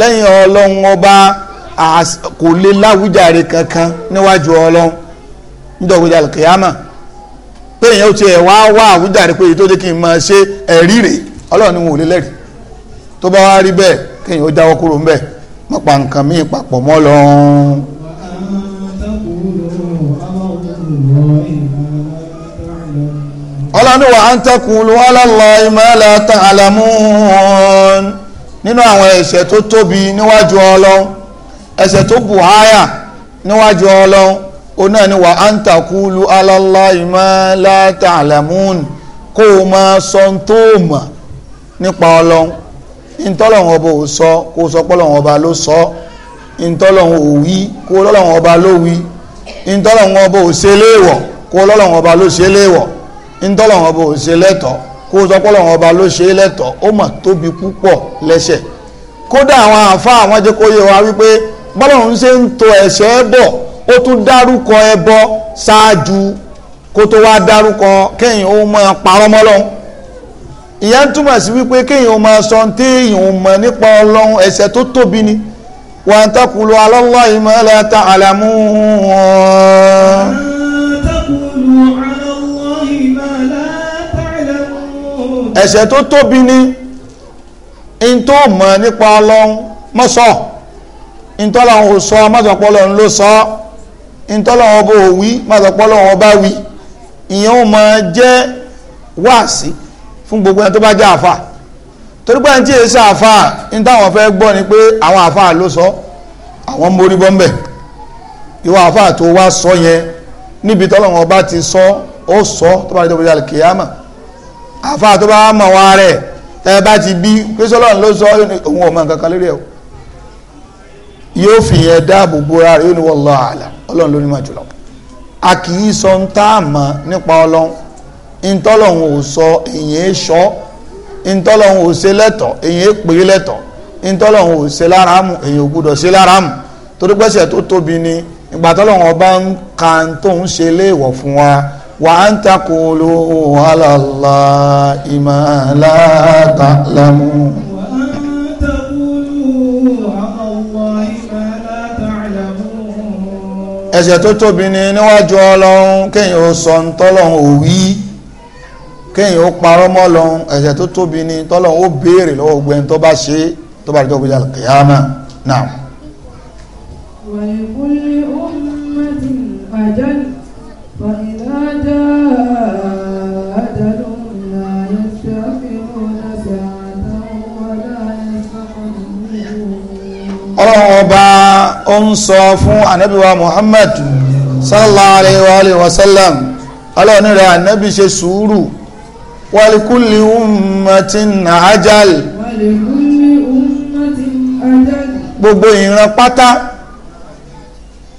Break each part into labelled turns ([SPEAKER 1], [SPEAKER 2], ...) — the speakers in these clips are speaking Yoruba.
[SPEAKER 1] lẹ́yìn ọlọ́run ọba kò lè láwùjáre kankan níwájú ọlọ́run nídọ̀gbẹ́jà kìyàmà pé èèyàn ó ti ẹ̀ wá wá àwùjáre pé tó dé kí n máa ṣe ẹ̀rí rèé ọlọ́run ni wọn ò lè lẹ́rìí tó bá wá rí bẹ́ẹ̀ kéèyàn ó jáwọ́ kúrò ńbẹ̀ pa nǹkan papọ̀ mọ́ ọlọ́run ń tẹ́kùn nínú àwọn ẹ̀ṣẹ̀ tó tóbi níwájú ọlọ́run ẹ̀ṣẹ̀ tó bùháyà níwájú ọlọ́run òun náà ni wà á ń tàkúlù alallahi ma la ta'lamun kó o máa sọ tó mọ̀ nípa ọlọ́run ìtọ́lọ́run ọba ò sọ kó o sọ pọ́lọ́run ọba ló sọ ìtọ́lọ́run ò wí kó o lọ́lọ́run ọba ló wí ìtọ́lọ́run ọba ò ṣe léèwọ̀ kó o lọ́lọ́run ọba ló ṣe léèwọ̀ ìtọ́lọ́run ọba ò ṣe lẹ́tọ̀ọ́ kó sọ pé ọba ló ṣe é lẹ́tọ̀ọ́ ó mà tóbi púpọ̀ lẹ́ṣẹ̀ kódà àwọn àáfàá àwọn jẹ́ kó wípé bọ́lọ́run ṣe ń tò ẹ̀ṣẹ̀ bọ̀ ó tún dárúkọ ẹbọ ṣáájú kó tó wá dárúkọ kéèyàn ó máa parọ́ mọ́ ń túmọ̀ sí wípé kéèyàn ó máa sọ tí èèyàn ò mọ̀ nípa ọlọ́run tó ni ẹ̀ṣẹ̀ tó tóbi ní in tó mọ̀ nípa ọlọ́run mọ́sọ̀ in tọ́lọ́run ò sọ mọ́sọ̀pọ́lọ́run ló sọ in tọ́lọ́run ọba ò wí mọ́sọ̀pọ́lọ́run ọba wí ìyẹn ò mọ̀ jẹ́ wáàsí fún gbogbo ẹni tó bá jẹ́ àfà torí pé ẹni tí èsì àfà in táwọn fẹ́ gbọ́ ni pé àwọn àfà ló sọ àwọn mórí bọ́m̀bẹ̀ ìwọ àfà tó wá sọ yẹn níbi tọ́lọ́run ọba ti sọ ó sọ tó bá dé tó bá dé àlùkìyàmà àfa tó bá mọ̀ wọn rẹ̀ tẹ́ bá ti bí kírísọ́lọ́run ló sọ òun ò mọ̀ nǹkan kan lórí ẹ̀ o yóò fi yẹn dáàbò bóra rẹ̀ yóò ní wallahu a'lam ọlọ́run ló ní mà jùlọ a kì í sọ ń tá a mọ̀ nípa ọlọ́run ntọ́lọ́run ò sọ èyàn é sọ ntọ́lọ́run ò ṣe lẹ́tọ̀ èyàn é pè é lẹ́tọ̀ ntọ́lọ́run ò ṣe lára mu èyàn ò gbúdọ̀ ṣe lára mu torí pẹ́sẹ̀ tó tóbi ni ìgbà tọ́lọ́run ọba ń ka tó ṣe léèwọ̀ fún wa وأن تقولوا على الله ما لا تعلمون ẹ̀ṣẹ̀ tó tóbi ni níwájú ọlọ́run kéèyàn ó sọ ń tọ́lọ́run ò wí kéèyàn ó parọ́ mọ́ lọ́run ẹ̀ṣẹ̀ tó tóbi ni tọ́lọ́run ó béèrè lọ́wọ́ gbogbo tó bá ṣe tó bá rí tó gbé jà kìyàmà náà. wàlúùkúlù ọlọ́run ọba ó ń sọ fún anabiwa muhammad sallallahu alayhi wa sallam ọlọ́run rẹ̀ anabi ṣe sùúrù walikulli ummatin ajal gbogbo ìran pátá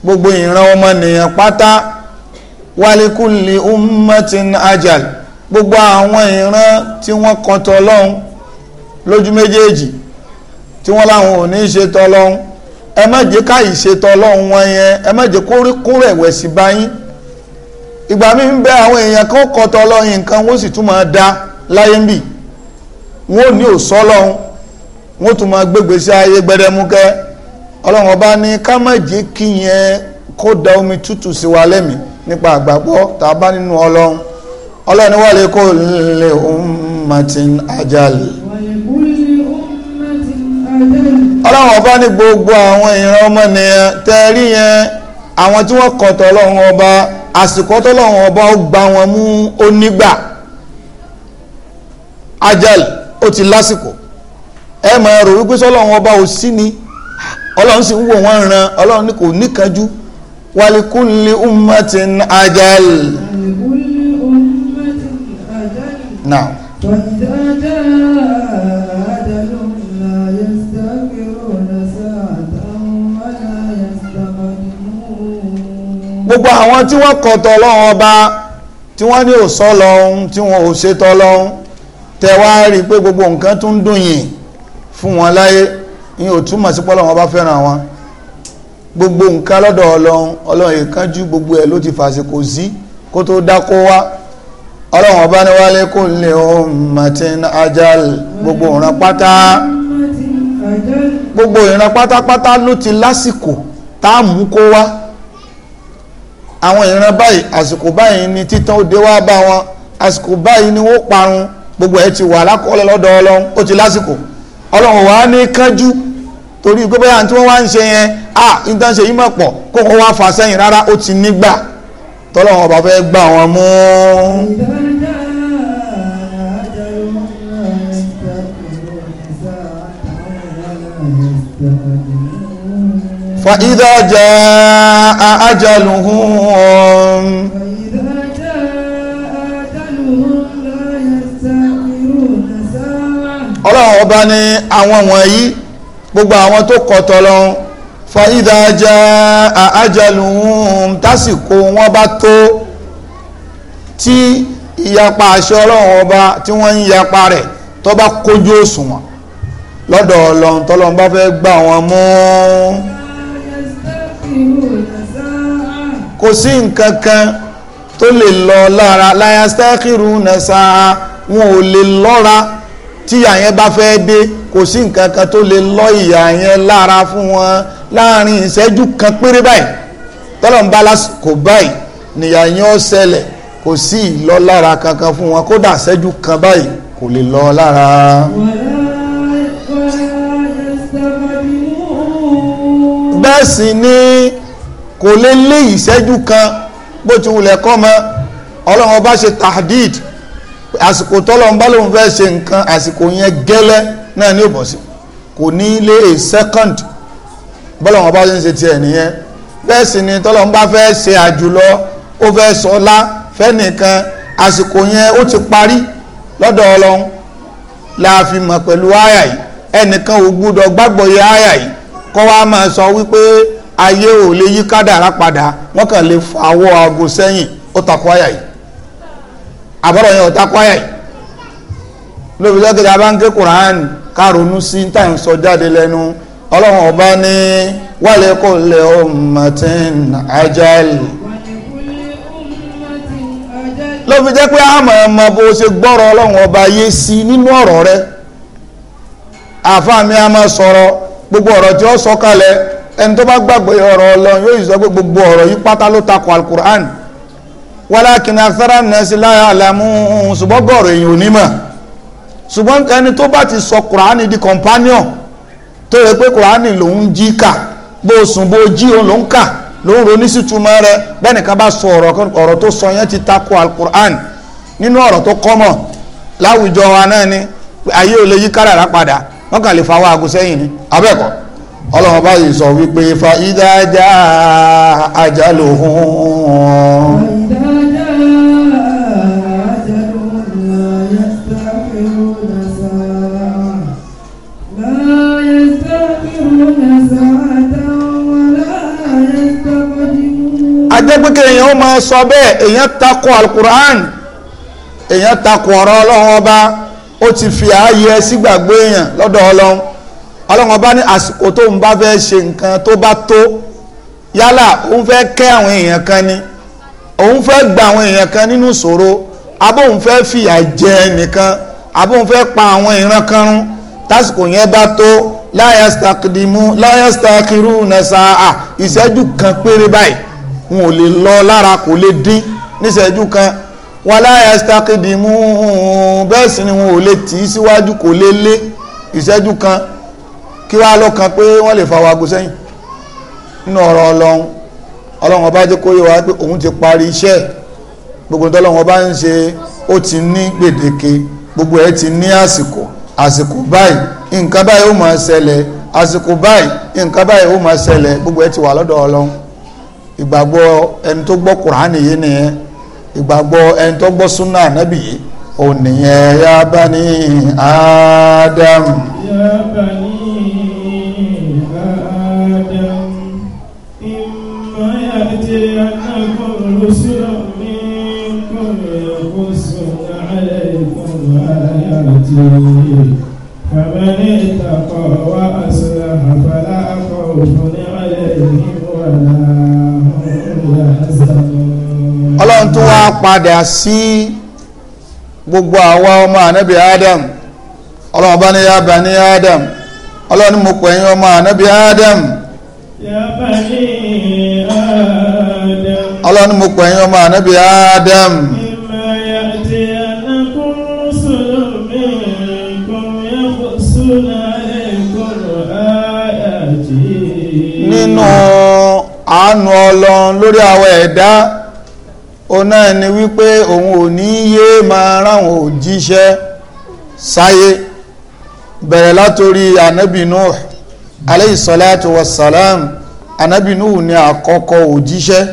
[SPEAKER 1] gbogbo ìran ọmọnìyàn pátá walikulli ummatin ajal gbogbo àwọn ìran tí wọ́n kọtọ̀ ọlọ́run lójú méjèèjì tí wọ́n láwọn ò ní ṣe tọ́lọ́hún ẹ má jẹ́ ká ìṣe tọ́lọ́hún wọn yẹn ẹ má jẹ́ kó rẹ̀wẹ̀sì bá ìgbà mi ń bẹ àwọn èèyàn kan kọ́ tọ́lọ́hún nǹkan wọ́n sì tún máa dá láyé ń bì da omi tútù sí wa lẹ́mí nípa àgbàgbọ́ tá a bá nínú ọlọ́run ọlọ́run wà ọlọ́run ọba ní gbogbo àwọn ìran ọmọnìyàn tẹ́rí yẹn àwọn tí wọ́n kọ̀ tọ́lọ́run ọba àsìkò tọ́lọ́run ọba ó gba wọn mú onígbà ajal ó ti lásìkò ẹ wípé ọba ò sí ni ọlọ́run sì ń wò wọ́n ran ọlọ́run ní kò níkanjú gbogbo àwọn tí wọ́n kọ̀tọ̀ ọlọ́run ọba tí wọ́n ní òsọ́ tí wọ́n ò rí pé gbogbo nǹkan tún ń dùn yìn fún wọn láyé sí ọba fẹ́ràn wọn gbogbo nǹkan lọ́dọ̀ ọlọ́run ọlọ́run gbogbo ẹ̀ ló ti sí kó tó dákó wá ọlọ́run ọba ní wálé kò gbogbo ìran pátá gbogbo ìran pátápátá ló ti lásìkò àwọn ìran báyìí àsìkò báyìí ni títàn ó dé wá bá wọn àsìkò báyìí ni wọ́n parun gbogbo ẹ̀ ti wà lákọọ́lẹ̀ lọ́dọ̀ ọlọ́run ó ti lásìkò ọlọ́run wà á ní kánjú torí pé bóyá tí wọ́n wá ń ṣe yẹn à nítorí ṣe yí mọ̀ pọ̀ kó wọ́n wá fà sẹ́yìn rárá ó ti nígbà tọ́lọ́run ọba fẹ́ gbà wọ́n mú. فإذا جاء أجلهم ọlọ́run ọba ní àwọn wọ̀nyí gbogbo àwọn tó kọ̀tọ̀ lọ fàídà jẹ́ àájẹlùhún tásìkò wọ́n bá tó tí ìyapa àṣẹ ọlọ́run ọba tí wọ́n ń yapa rẹ̀ tó bá kójú òṣùwọ̀n lọ́dọ̀ ọlọ́run tọ́lọ́run bá fẹ́ gbà wọ́n mú un kò sí nǹkan kan tó lè lọ lára láyástákìrù nàṣà wọn ò lè lọ́ra tíyà yẹn bá fẹ́ dé kò sí nǹkan kan tó lè lọ ìyà yẹn lára fún wọn láàrin ìṣẹ́jú kan péré báyìí tọ́lọ̀ ń bá lásìkò báyìí nìyà yẹn ó ṣẹlẹ̀ kò sí ìlọ́lára kankan fún wọn kódà ìṣẹ́jú kan báyìí kò lè lọ lára. Well, bẹ́ẹ̀ sì ni kò lè lé ìṣẹ́jú kan bó ti wulẹ̀ kọ́ mọ́ ọlọ́run ọba ṣe tahdid àsìkò tọ́lọ́run bá lóun fẹ́ ṣe nǹkan àsìkò yẹn gẹ́lẹ́ náà ní òbọ̀ kò ní lé a second bọ́lọ́run ọba ṣe ń ṣe nìyẹn bẹ́ẹ̀ sì ni tọ́lọ́run bá fẹ́ ṣe àjùlọ ó fẹ́ sọlá fẹ́nìkan àsìkò yẹn ó ti parí lọ́dọ̀ ọlọ́run la fi mọ̀ pẹ̀lú àyà yìí ẹnìkan ò gbúdọ̀ gbàgbọ́ yẹ àyà yìí kọ́ wa máa sọ wípé ayé ò lè yí kádàrá padà wọ́n kàn lè fàwọ́ ago sẹ́yìn ó takọ́ àyà yìí àbọ̀rọ̀ yẹn ò takọ́ àyà yìí lóbi lọ́gẹ̀dẹ̀ abáńké kùránì ká ronú sí táyà ń sọ jáde lẹ́nu ọlọ́run ọba ní wálé kò lè ummatin ajal ló fi jẹ́ pé bó ṣe gbọ́rọ̀ ọlọ́run ọba yé sí nínú ọ̀rọ̀ rẹ̀ àfáàmì a máa sọ̀rọ̀ gbogbo ọ̀rọ̀ tí ó sọ kalẹ̀ ẹni tó bá gbàgbé ọ̀rọ̀ ọlọ́run yóò sọ pé gbogbo ọ̀rọ̀ yìí pátá ló takò alukur'an walakin athara nasi la ya'lamun ṣùgbọ́n gọ̀ọ̀rọ̀ èèyàn ò ní mọ̀ ṣùgbọ́n ẹni tó bá ti sọ kùránì di companion tó yẹ pé kùránì lòún jí kà bó sùn bó jí òun lòún kà lòún ronú sí túmọ̀ rẹ̀ bẹ́ẹ̀ni ká bá sọ ọ̀rọ̀ tó sọ yẹn ti takò alukur'an nínú ọ̀rọ̀ tó kọ́mọ̀ láwùjọ wa náà ni ayé ò lè yí kádàrá padà wọ́n kàn lè fa wá aago sẹ́yìn ni abẹ́ẹ̀kọ́ ọlọ́run bá yìí sọ wípé fa ìdájà ajaluhum. ajẹ́ pé kí èèyàn ó máa sọ bẹ́ẹ̀ èèyàn takò alukur'an èèyàn takò ọ̀rọ̀ ọlọ́run ọba ó ti fi ààyè sígbàgbé èèyàn lọ́dọ̀ ọlọ́run ọlọ́run ọba ní àsìkò tó ń bá fẹ́ ṣe nǹkan tó bá tó yálà òun fẹ́ kẹ́ àwọn èèyàn kan ni òun fẹ́ gba àwọn èèyàn kan nínú ìṣòro abóhun fẹ́ fìyà jẹ nìkan abóhun fẹ́ pa àwọn ìran kan run tásìkò yẹn bá tó la yastakidimu la yastakiruna sa'a ìṣẹ́jú kan péré báyìí wọn ò lè lọ lára kò lè dín níṣẹ́jú kan wala yastaqidimu bẹ́ẹ̀ sì ni wọn ò lè tì í síwájú kò lè lé ìṣẹ́jú kan kí wá lọ́kàn pé wọ́n lè fa wago sẹ́yìn nínú ọ̀rọ̀ ọlọ́run ọlọ́run ọba jẹ́ kó yé wa pé òun ti parí iṣẹ́ gbogbo tọ́lọ́run ọba ń ṣe ó ti ní gbèdéke gbogbo ẹ̀ ti ní àsìkò àsìkò báyìí nǹkan báyìí ó máa ṣẹlẹ̀ àsìkò báyìí nǹkan báyìí ó máa ṣẹlẹ̀ gbogbo ẹ̀ ti wà lọ́dọ̀ ọlọ́run ìgbàgbọ́ ẹni tó gbọ́ kùránì yìí nìyẹn ìgbàgbọ́ ẹni tó gbọ́ súnà ànábì yìí ònìyàn ya bani Adam.
[SPEAKER 2] ya bani Adam ìmọ̀ yàtí anákọ̀ lọ́sọ̀rọ̀ mi kọ̀ ẹ̀kọ́ sọ̀rọ̀ alẹ́ ìfọ̀nà ayàtí فمن اتقى وأصلح فلا ọlọ́run
[SPEAKER 1] tó wá padà sí gbogbo àwa ọmọ ànábì Adam ọlọ́run bá ní ya bani Adam ọlọ́run ní mo pè yín ọmọ ànábì Adam ọlọ́run ní mo pè yín ọmọ ànábì Adam. nínú àánú ọlọ́run lórí àwọn ẹ̀dá ó náà ni wípé òun ò ní yé máa ráwọn òjíṣẹ́ sáyé bẹ̀rẹ̀ látorí ànábì Nuh alayhi salatu anabi ni àkọ́kọ́ òjíṣẹ́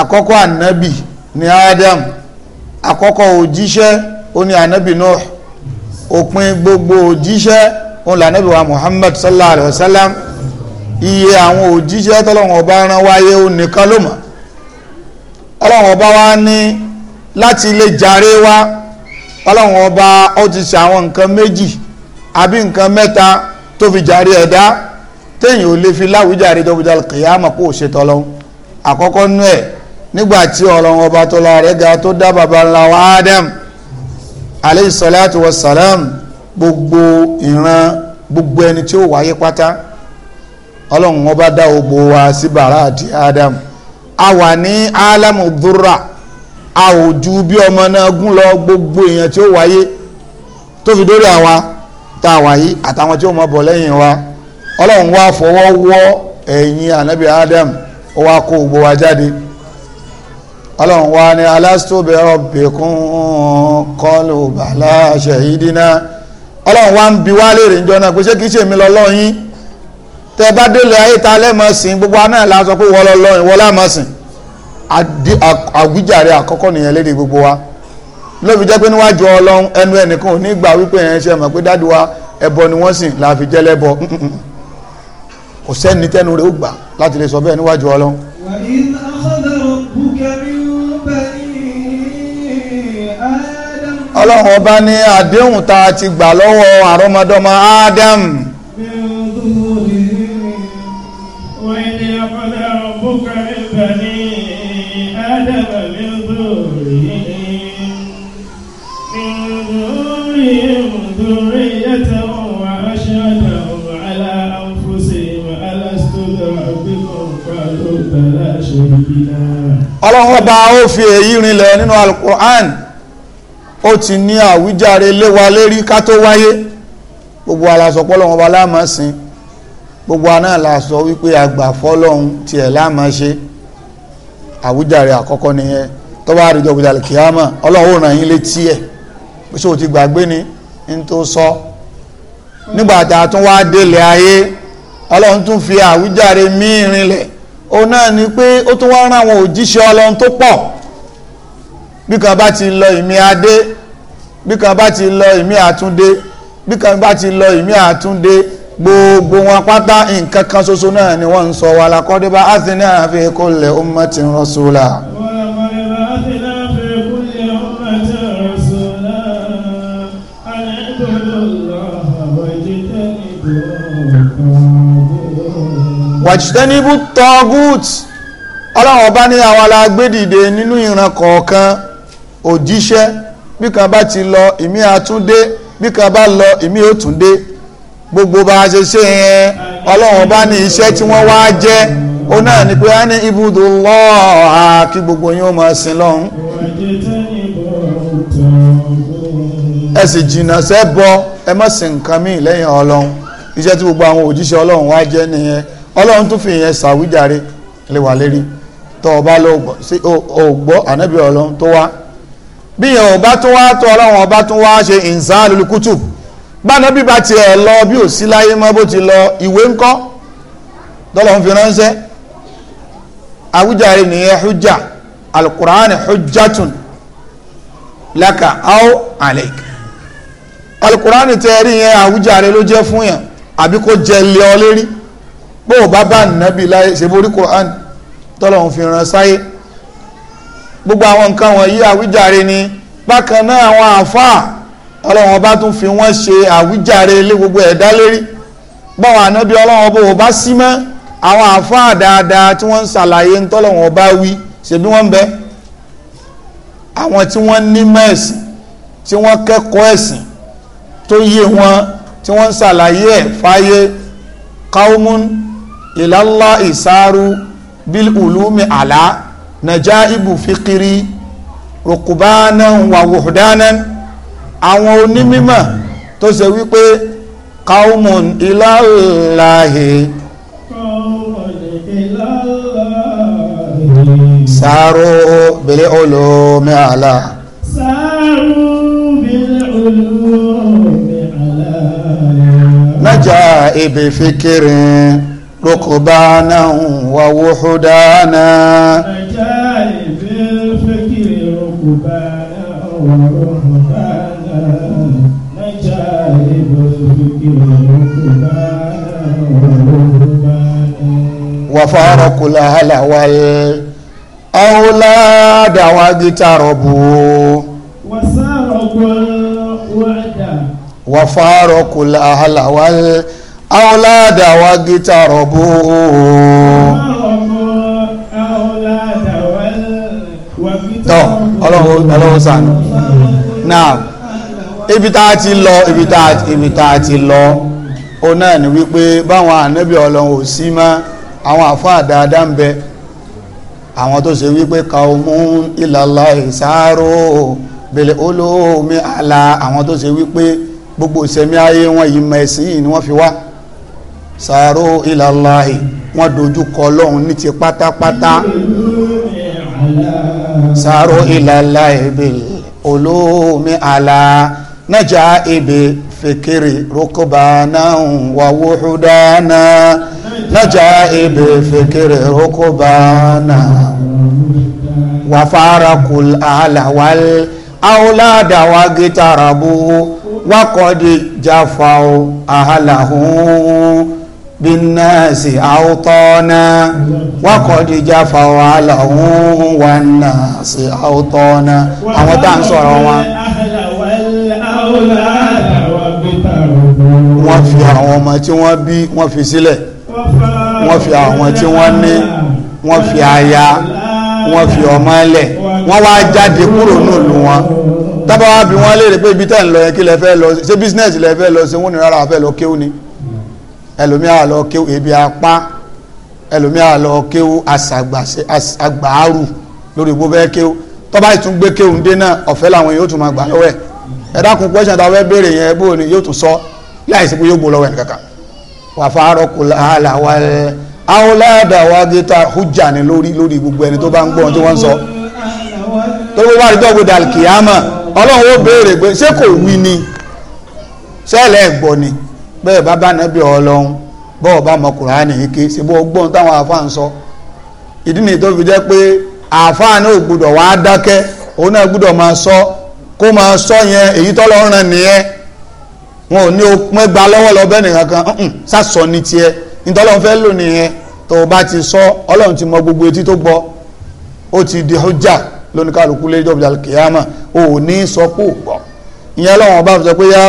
[SPEAKER 1] àkọ́kọ́ anabi ni Adam àkọ́kọ́ òjíṣẹ́ ó ní na òpin gbogbo òjíṣẹ́ òun anabi wa Muhammad sallallahu alayhi wa sallam iye àwọn òjíṣẹ́ tọ́lọ́wọ̀n ọba rán wáyé ó nìkan ọlọ́run ọba wa ní láti lè jàre wa ọlọ́run ọba ó ti ṣe àwọn nǹkan méjì àbí nǹkan mẹ́ta tó fi jàre ẹ̀dá téèyàn ò lè fi láwùjáre tó fi jàre kìyàmọ̀ kó o ṣe tọ́lọ́hún àkọ́kọ́ nú ẹ̀ nígbàtí ọlọ́run ọba tó la rẹ̀ ga tó dá baba ńlá wa Adam aleyhi salatu wa salam gbogbo ìran gbogbo ẹni tí ó wáyé pátá ọlọ́run ọba dá gbogbo wa sí bàrá àti Adam. a wà ní alamu a ò ju bí ọmọ náà gún lọ gbogbo èèyàn tí ó wáyé tó fi dórí àwa tá a wáyé àtàwọn tí ó mọ bọ̀ lẹ́yìn wa ọlọ́run wá fọwọ́ ẹ̀yìn anabi adam ó wá kó gbogbo wa jáde ọlọ́run wá ní ọlọ́run wá ń bi náà pé ṣé tẹ bá délé ayé ta lẹ́mọ̀ sìn gbogbo aná la sọ pé wọ́lọ́ lọ́rin wọ́lá mọ̀ sìn àwíjàre àkọ́kọ́ nìyẹn léde gbogbo wa lóbi jẹ́ pé níwájú ọlọ́run ẹnu ẹnìkan ò wípé ẹ̀ ń ṣe mọ̀ pé dáàdi wa ẹbọ ni wọ́n sìn la fi jẹ́ lẹ́bọ kò sẹ́ni tẹ́nu rẹ̀ ó gbà láti lè sọ bẹ́ẹ̀ níwájú ọlọ́run.
[SPEAKER 2] ọlọ́run ọba ní
[SPEAKER 1] àdéhùn tá a ti gbà lọ́wọ́ àrọ́mọdọ́mọ Ádámù.
[SPEAKER 2] ربك من بني آدم من ذريهم من ذريهم ذرية وأشهدهم على أنفسهم ألست بربكم قالوا
[SPEAKER 1] بلى شهدنا ọlọ́run ọba ó fi èyí rinlẹ̀ nínú alukur'an ó ti ní àwíjàre lé lérí ká tó wáyé gbogbo alasọpọlọ wọn ọba láàmú gbogbo aná la sọ wípé àgbà fọ́lọ́hun tiẹ̀ láàmà ṣe àwùjáre àkọ́kọ́ nìyẹn tó bá àríjọ kìámà ọlọ́run ràn yín létí ẹ̀ pé ṣé ti gbàgbé ni ń tó sọ nígbà tá a tún wá délé ayé ọlọ́run tún fi àwùjáre míì rinlẹ̀ òun náà ni pé ó tún wá rán àwọn òjíṣẹ́ ọlọ́run tó pọ̀ bí kan bá ti lọ ìmí adé bí kan bá ti lọ ìmí àtúndé bí kan bá ti lọ ìmí àtúndé gbogbo wọn pátá nǹkan kan ṣoṣo náà ni wọ́n ń sọ wà lákọ́débá athena fi kulli ummatin rasula wàjìdẹ́nibú tọ́gùt ọlọ́run ọba ní àwọn alágbèdìde nínú ìran kọ̀ọ̀kan òjíṣẹ́ bí kan bá ti lọ ìmí àtúndé bí kan bá lọ ìmí òtúndé gbogbo bá a ṣe ṣe yẹn ọlọ́run bá ní iṣẹ́ tí wọ́n wá jẹ́ ó náà ni pé ní ibùdó lọ́ọ̀ọ́ kí gbogbo yín ó máa sin lọ́hún ẹ sì jìnnà ẹ má sin nǹkan lẹ́yìn ọlọ́run iṣẹ́ tí gbogbo àwọn òjíṣẹ́ ọlọ́run wá jẹ́ nìyẹn ọlọ́run fi yẹn ṣàwíjàre lérí bá ànábì ọlọ́run tó wá báná bíbá tiẹ̀ lọ bí ò sí láyé mọ́ bó ti lọ ìwé ńkọ́ tọ́lọ́ ń fi ránṣẹ́ Àwùjáre nìyẹn hujja alukur'ani hujjatun laka aw aleik alukur'ani tẹ́ rí yẹn Àwùjáre ló jẹ́ fún yàn àbí kó jẹ lé ọ lérí bó o bá bá nàbí láyé ṣe Qur'an tọ́lọ̀ ń fi ràn gbogbo àwọn nǹkan wọ̀nyí àwíjàre ni bákan náà àwọn àfáà ọlọ́run ọba tún fi wọ́n ṣe àwíjàre ilé gbogbo ẹ̀dá lérí báwọn ànábí ọlọ́run ọba ò bá sí mọ́ àwọn àfáà dáadáa tí wọ́n ń ṣàlàyé ń tọ́lọ́run ọba wí ṣèbí wọ́n ń bẹ àwọn tí wọ́n ní mẹ́ẹ̀sì tí wọ́n kẹ́kọ̀ọ́ ẹ̀sìn tó yé wọn tí wọ́n ń ṣàlàyé ẹ̀ fáyé kaumun ìlàlá ìsáru bíl ulumi àlá nàjà ibù rukubanan wà àwọn onímímọ̀ tó ṣe wípé kaumun ilalahi sàárò bèlè olómi àlà
[SPEAKER 2] sàárò bèlè olómi àlà
[SPEAKER 1] nájà ibi fikirin rukubana wa wuhudana nájà
[SPEAKER 2] ibi fikirin rukubana
[SPEAKER 1] wa wuhudana وفارقوا الأهل والأولاد واجتربوا وسارقوا
[SPEAKER 2] الوعد
[SPEAKER 1] وفارقوا الأهل والأولاد واجتربوا tọ́ ọlọ́run ọlọ́run sànù náà ibi tá a ti lọ ibi tá ibi tá a ti lọ ó náà ni wípé báwọn ànábì ọlọ́run ò sí mọ́ àwọn àfáà dáadáa ń bẹ àwọn tó ṣe wípé qaumun ilallahi saru bil ulumi ala àwọn tó ṣe wípé gbogbo ìṣẹ̀mí ayé wọn yìí mọ̀ ni wọ́n fi wá sàárò ìlàláì wọ́n dojú kọ lọ́hùn ní ti pátápátá sàárò ìlàláì bil olómi àlà najà ibi fikiri rukubana wa wuhudana najà ibi fikiri rukubana wa farakul ala wal awlada wa gitarabu wa kodi jafaw ahalahu binnasi awtana wa kodi jafaw ahalahu wa nasi àwọn tá à ń sọ̀rọ̀ wọn wọ́n fi àwọn ọmọ tí wọ́n bí wọ́n fi sílẹ̀ wọ́n fi àwọn tí wọ́n ní wọ́n fi aya wọ́n fi ọmọ lẹ̀ wọ́n wá jáde kúrò nílùú wọn tábà bí wọ́n léèrè pé ibi tẹ́ ń lọ yẹn kí lẹ fẹ́ lọ ṣe bísínẹ́sì lẹ fẹ́ lọ ṣe wọ́n ní rárá fẹ́ lọ kéwú ni ẹlòmíà lọ kéwú ebi apá ẹlòmíà lọ kéwú àṣàgbàárù lórí gbogbo ẹ kéwú tọ́ba ìtúngbé kéwú ń dé náà ọ̀fẹ́ làwọn yóò tún máa gbà lọ́wọ́ ẹ̀ eda dákun question tá a fẹ́ béèrè yẹn bó ni yóò tún sọ láì sí pé yóò gbó lọ́wọ́ ẹnì kankan wà fàárọ̀ kò láàlà wà wa gita hujja ni gbogbo ẹni tó bá ń gbọ́ tí wọ́n ń sọ tó bá rí dọ́gbé dàlkìyàmà ọlọ́run ó béèrè pé ṣé kò ni sẹ́ẹ̀lẹ̀ ẹ̀gbọ́ ni bẹ́ẹ̀ bá bá ọlọ́run bọ́ọ̀ bá mọ kùránì ṣe táwọn ń sọ ìdí nìyí tó fi jẹ́ pé náà wá dákẹ́ òun náà sọ kó ma sọ yẹn èyí nìyẹn wọn ò ní o gba lọ́wọ́ lọ bẹ́ẹ̀ nìkan kan ní tiẹ̀ fẹ́ lò nìyẹn tó o ti sọ ọlọ́run ti mọ gbogbo etí tó gbọ́ ó ti di ọjà kìyàmà o ò ní sọ gbọ́ ìyẹn bá sọ pé ya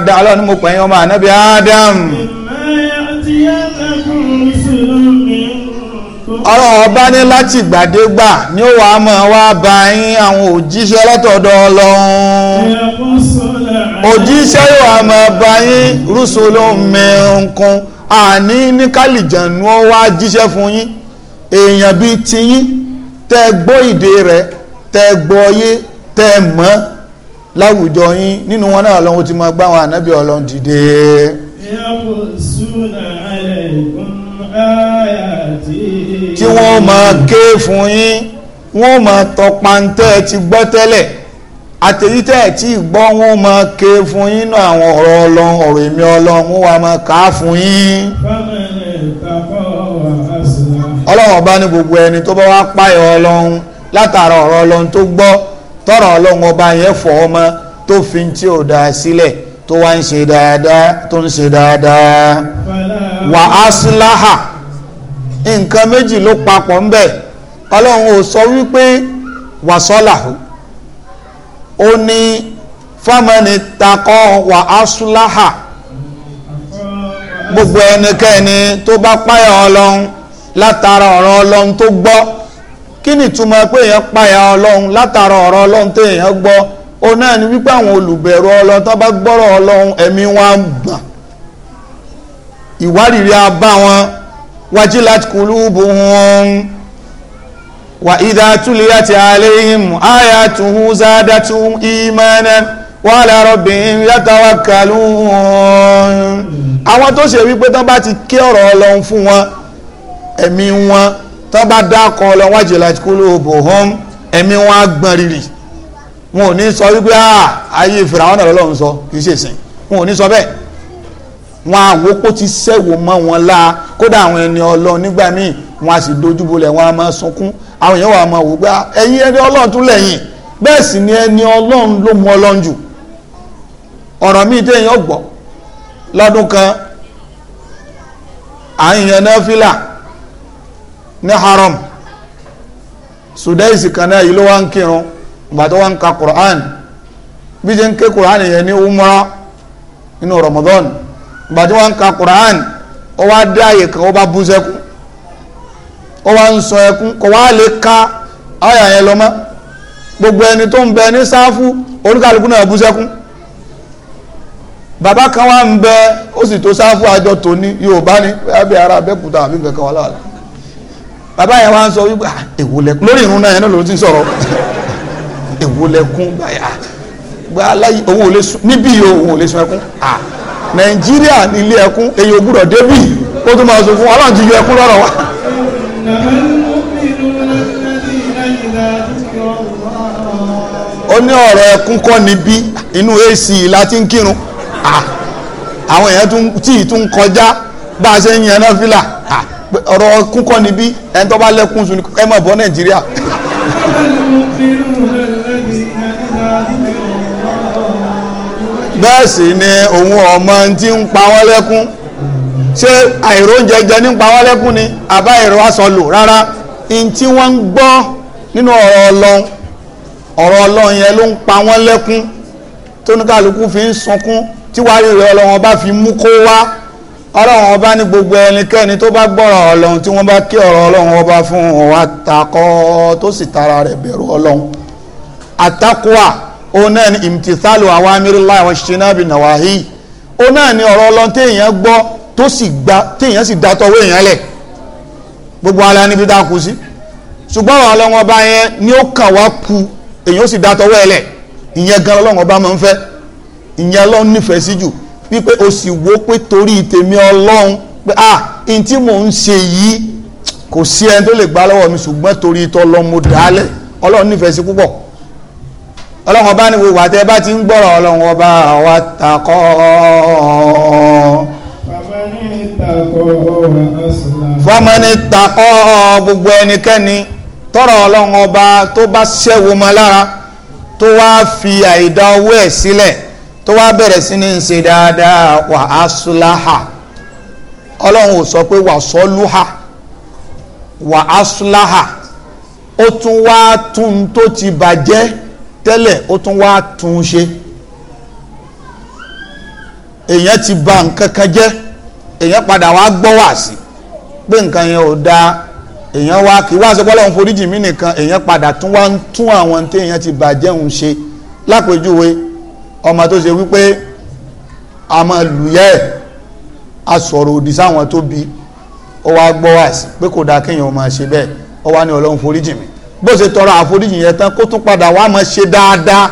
[SPEAKER 1] ọlọ́run ni mo ọmọ Adam.
[SPEAKER 2] ìmọ̀ ẹ̀
[SPEAKER 1] ọ̀rọ̀ ọba ní láti gbàdégbà ni ó wàá mọ̀ wá bá yín àwọn òjíṣẹ́ látọ̀dọ̀ ọlọ́run òjíṣẹ́ yóò wàá bá yín rúṣoló mẹ́ǹkan àní ní kálíjànú ó wá fún yín èèyàn bíi tiyín tẹ́ gbọ́ ìdè rẹ̀ tẹ́ gbọ́ yé tẹ́ mọ̀ láwùjọ yín nínú wọn náà ọlọ́run ti máa gbá àwọn ànábì ọlọ́run dìde.
[SPEAKER 2] yàgò sùn
[SPEAKER 1] náà àlẹ́ ìkún áyà tí wọ́n máa ké fún yín wọ́n máa tọpantẹ́ ti gbọ́ tẹ́lẹ̀ àtẹ̀yítẹ́ tí gbọ́ wọn máa ké fún yín náà àwọn ọ̀rọ̀ ọlọ́run ọ̀rọ̀ èmi ọlọ́run wọn wá máa kà á fún yín. ọlọ́run ọba ní gbogbo ẹni tó bá wá páyọ̀ ọlọ́run látara ọ̀rọ̀ ọlọ́run tó gbọ́ tọ̀rọ̀ ọlọ́run ọba yẹn fọ̀ ọmọ tó fi ń tí ò dáa sílẹ̀ tó wá ń ṣe dáadáa tó ń ṣe dáadáa wà á nǹkan méjì ló papọ̀ ń bẹ̀ ọlọ́run ò sọ wípé wàsọ́làhù ó ní fámẹ́ni takọ́ wà ásúláhà gbogbo ẹnikẹ́ni tó bá páyà ọlọ́run látara ọ̀rọ̀ ọlọ́run tó gbọ́ kí ni ìtumọ̀ pé èèyàn páyà ọlọ́run látara ọ̀rọ̀ ọlọ́run tó èèyàn gbọ́ ó náà ni wípé àwọn olùbẹ̀rù ọlọ́run tó bá gbọ́rọ̀ ọlọ́run ẹ̀mí wọn á gbà ìwárìrì abá wọn wajilat kulubuhum wa idha tuliyat alayhim ayatuhu zadatuhum imanan wa ala rabbihim yatawakkalun àwọn tó ṣe wípé tán bá ti ké ọ̀rọ̀ Ọlọ́run fún wọn ẹ̀mí wọn tán bá dákọ̀ Ọlọ́run wajilat kulubuhum ẹ̀mí wọn á gbọ̀n rírì ni ò ní sọ wípé ah, ayé Fíráwọ̀n náà lọ́lọ́run sọ kì í ṣèsìn wọn ò ní wọn àwòkó ti sẹ́wò mọ́ wọn la kódà àwọn ẹni ọlọ́run nígbà míì wọn a sì dojú bolẹ̀ wọn a máa sunkún àwọn èèyàn wà máa wò ẹni ọlọ́run tún lẹ́yìn ni ẹni ọlọ́run ló mú ọlọ́run jù ọ̀rọ̀ míì téèyàn gbọ́ lọ́dún kan kan náà yìí ló wá ń kírun bí jẹ́ ń ké Qur'an yẹn ní ìgbà tí wọ́n ka Quran ó wá dé àyè kan ó bá bú sẹ́kún ó wá ń sọ ẹkún kò wá lè ka àyà yẹn lọ mọ́ gbogbo ẹni tó ń bẹ ní sáfù oníkàlùkù náà bú bàbá kan wá ń bẹ ó sì tó sáfù àjọ tòní Yorùbá ni ara àbí bàbá yẹn wá ń sọ wípé ah, èwo lórí ìrún nàìjíríà nílé ẹkún èyí ògbúrọ̀ débì ó tún máa sọ fún ọlọ́run ti yọ ẹkún lọ́rọ̀ wa. ó ní ọ̀rọ̀ ẹkún kọ́ níbí inú ac láti ń kírun àwọn èèyàn tí ì tún kọjá bá a ṣe ń yan náà fìlà ọ̀rọ̀ ẹkún kọ́ níbí ẹni tó bá lẹ́kún sùn ẹ má bọ́ nàìjíríà. bẹ́ẹ̀ sì ni òun ọmọ tí ń pa wọ́n lẹ́kún ṣé àìró ń jẹjẹ ní pa wọ́n lẹ́kún ni àbá ìró aṣọ lò rárá in tí wọ́n ń gbọ́ nínú ọ̀rọ̀ ọlọ́run ọ̀rọ̀ ọlọ́run yẹn ló ń pa wọ́n lẹ́kún tóníkàlùkù fi ń sunkún tí wàá rí ìrẹ́ ọlọ́run ọba fi mú kó wá ọlọ́run ọba ní gbogbo ẹnikẹ́ni tó bá gbọ́rọ̀ ọlọ́run tí wọ́n bá kí ọ̀rọ̀ ọlọ́run ọba fún wa takọ́ tó sì tara rẹ̀ bẹ̀rù ọlọ́run àtakùwà òun náà ni imtithalu awa wa ijtinabi nawahi òun náà ni ọrọ ọlọ́run téèyàn gbọ to si gba téèyàn si datọ owó èèyàn lẹ̀ gbogbo ara níbi dá sí ṣùgbọ́n àwọn yẹn ni ó kàn wá ku èèyàn owó ìyẹn gan máa ń fẹ́ ìyẹn nífẹ̀ẹ́ sí jù wípé o sì wo pé torí tèmi ọlọ pé ah n tí mò ń ṣe yìí kò sí ẹni tó lè gbá lọ́wọ́ mi ṣùgbọ́n torí ọlọ́run ọba ní gbogbo àtẹ bá ti ń gbọ́rọ̀ ọlọ́run ọba wa takọ́ fọmọni takọ́ gbogbo ẹnikẹ́ni tọrọ ọlọ́run ọba tó bá ṣẹ́wó mọ́ lára tó wá fi àìdá ọwọ́ ẹ̀ sílẹ̀ tó wá bẹ̀rẹ̀ sí ní ṣe dáadáa wà á súláhà ọlọ́run ò sọ pé wà sọ́lúhà wà á súláhà ó tún wá tún tó ti bàjẹ́ tẹ́lẹ̀ ó tún wá tún ṣe èèyàn ti ba nǹkan kan jẹ́ èèyàn padà wá gbọ́ wá sí pé nǹkan yẹn ò dáa èèyàn wá kí wá sọ pé Ọlọ́run foríjì mí nìkan èèyàn padà tún wá ń tún àwọn tí èèyàn ti bàjẹ́ òun ṣe lápèjúwe ọmọ tó ṣe wípé àmọ́ lùyẹ́ ẹ̀ a sọ̀rọ̀ òdì sáwọn tó bí ó wá gbọ́ wá sí pé kò dáa kéèyàn máa ṣe bẹ́ẹ̀ ó wá ní Ọlọ́run foríjì mí bó ṣe tọrọ àforíjì yẹn tán kó tún padà wá máa ṣe dáadáa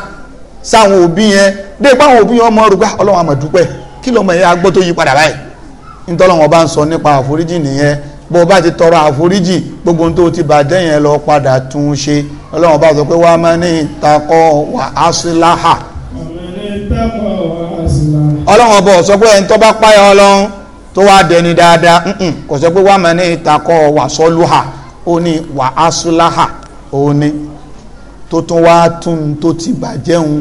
[SPEAKER 1] sáwọn òbí yẹn dé báwọn òbí yẹn ọmọ rògbà ah, ọlọ́run àmọ̀ dúpẹ́ kí lọ́mọ agbọ́ tó yí padà báyìí bá ń sọ nípa àforíjì nìyẹn bó bá gbogbo tó ti bàjẹ́ yẹn lọ padà ṣe bá sọ pé wàá máa ní wà á sí ọba sọ pé ẹni tó bá páyà òun ni tó tún wá tún tó ti bàjẹ́hun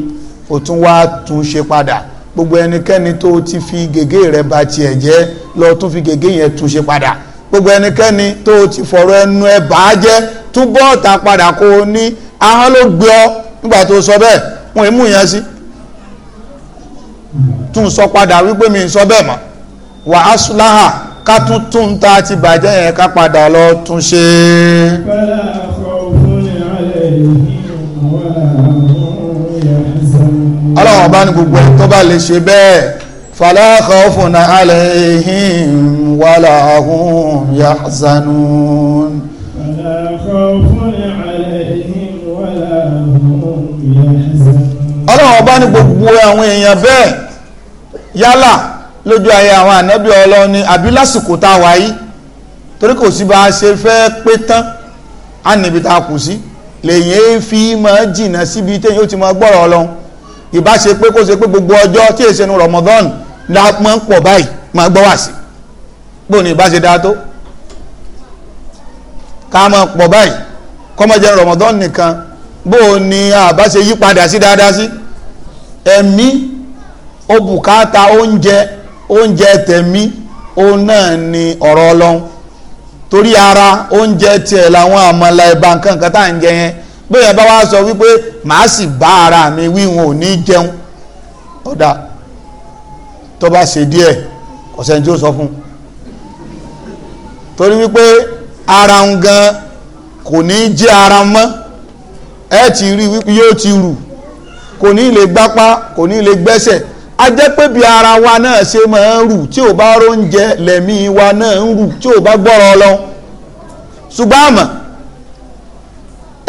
[SPEAKER 1] ó tún wá tún ṣe padà gbogbo ẹnikẹ́ni tó ti fi gègé rẹ̀ ba tiẹ̀ jẹ́ lọ tún fi gègé yẹn tún ṣe padà gbogbo ẹnikẹ́ni tó ti fọ̀rọ̀ ẹnu ẹ̀ bàá jẹ́ túbọ̀ ta padà kó o ní ahọ́n ló gbé ọ nígbà tó sọ bẹ́ẹ̀ wọn ì mú yẹn sí tún sọ padà wípé mi sọ bẹ́ẹ̀ mọ́ wà sùláhà ká tún tún ta ti bàjẹ́ yẹn ká padà lọ tún ṣe é ọlọ́run ọba ní gbogbo ẹni tó bá lè ṣe bẹ́ẹ̀ fala khawfun alayhim wala hum yahzanun. fala khawfun
[SPEAKER 2] alayhim wala
[SPEAKER 1] hum yahzanun. ọlọ́run ọba ní gbogbo àwọn èèyàn bẹ́ẹ̀ yálà lójú ayé àwọn ànábì ọlọ́run àbí lásìkò tá a wáyé torí kò sí bá a ṣe fẹ́ pé tán á níbi tá a kù sí. Si lèyìn fi máa jìnà síbi téyìn ó ti máa gbọ́rọ̀ ọlọ́run ìbá ṣe pé kó ṣe pé gbogbo ọjọ́ tí èsè nu Ramadan la máa ń pọ̀ báyìí máa gbọ́ wá sí bóun ni ìbá ṣe dáa tó ká máa pọ̀ báyìí kọ́mọ̀jẹ́ Ramadan nìkan bóun ni àbá ṣe yí padà sí dáadáa sí ẹ̀mí ó bùkátà oúnjẹ oúnjẹ tẹ̀mí òun náà ni ọ̀rọ̀ ọlọ́run torí ara oúnjẹ tiẹ̀ làwọn àmàlà ẹ̀bà nǹkan kan tá à ń jẹ yẹn bóyá bá wá sọ wípé màá sì bá ara mi wí wọn ò ní jẹun ọ̀dà tó bá ṣe díẹ̀ ọ̀sẹ̀ tí ó sọ fún un torí wípé ara ń gan kò ní jẹ́ ara mọ́ ẹ ti rí wípé yóò ti rù kò ní lè gbápá kò ní lè gbẹ́sẹ̀ a jẹ́ pé bí ara wa náà ṣe máa ń rù tí ò bá róúnjẹ lẹ̀mí wa náà ń rù tí ò bá gbọ́rọ̀ lọ ṣùgbọ́n àmọ́